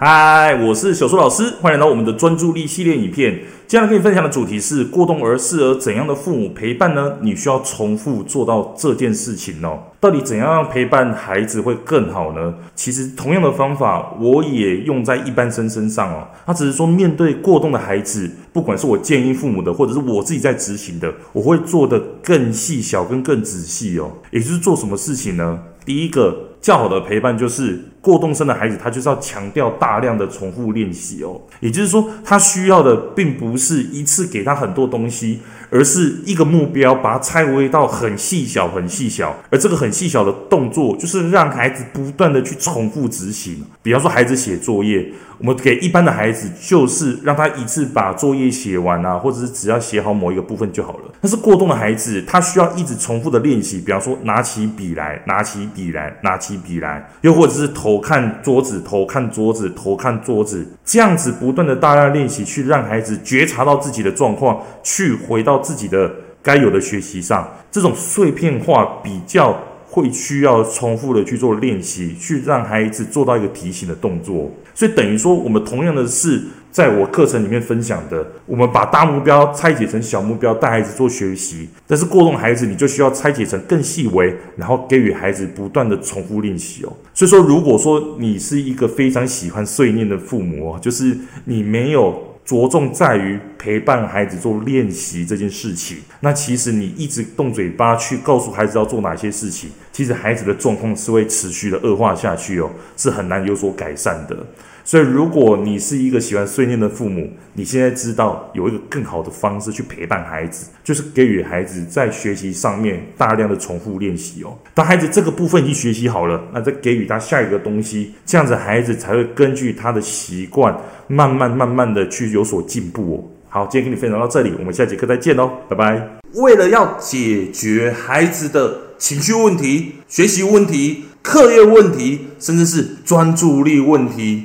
嗨，Hi, 我是小蘇老師，歡迎來到我們的專注力系列影片。今天要跟你分享的主題是過動兒適合怎樣的父母陪伴呢？你需要重複做到這件事情哦。到底怎樣陪伴孩子會更好呢？其實同樣的方法，我也用在一般生身上哦。他只是說，面對過動的孩子，不管是我建議父母的，或者是我自己在執行的，我會做得更細小，跟更仔細哦。也就是做什麼事情呢？第一個。較好的陪伴就是過動生的孩子，他就是要強調大量的重複練習哦。也就是說，他需要的並不是一次給他很多東西，而是一個目標，把它拆微到很細小、很細小。而這個很細小的動作，就是讓孩子不斷的去重複執行。比方說，孩子寫作業，我們給一般的孩子就是讓他一次把作業寫完啊，或者是只要寫好某一個部分就好了。但是過動的孩子，他需要一直重複的練習。比方說，拿起筆來，拿起筆來，拿起筆來。拿起筆來，又或者是頭看桌子，頭看桌子，頭看桌子，這樣子不斷的大量練習，去讓孩子覺察到自己的狀況，去回到自己的該有的學習上。這種碎片化比較。會需要重複的去做練習，去讓孩子做到一個提醒的動作，所以等於說，我們同樣的是在我課程裡面分享的，我們把大目標拆解成小目標，帶孩子做學習。但是過動孩子，你就需要拆解成更細微，然後給予孩子不斷的重複練習哦。所以說，如果說你是一個非常喜歡碎念的父母，就是你沒有。着重在於陪伴孩子做練習這件事情。那其實你一直動嘴巴去告訴孩子要做哪些事情，其實孩子的狀況是會持續的惡化下去哦，是很難有所改善的。所以，如果你是一個喜歡碎念的父母，你現在知道有一個更好的方式去陪伴孩子，就是給予孩子在學習上面大量的重複練習哦。當孩子這個部分已經學習好了，那再給予他下一個東西，這樣子孩子才會根據他的習慣，慢慢慢慢的去有所進步哦。好，今天跟你分享到這裡，我們下節課再見嘍，拜拜。為了要解決孩子的情緒問題、學習問題、課業問題，甚至是專注力問題。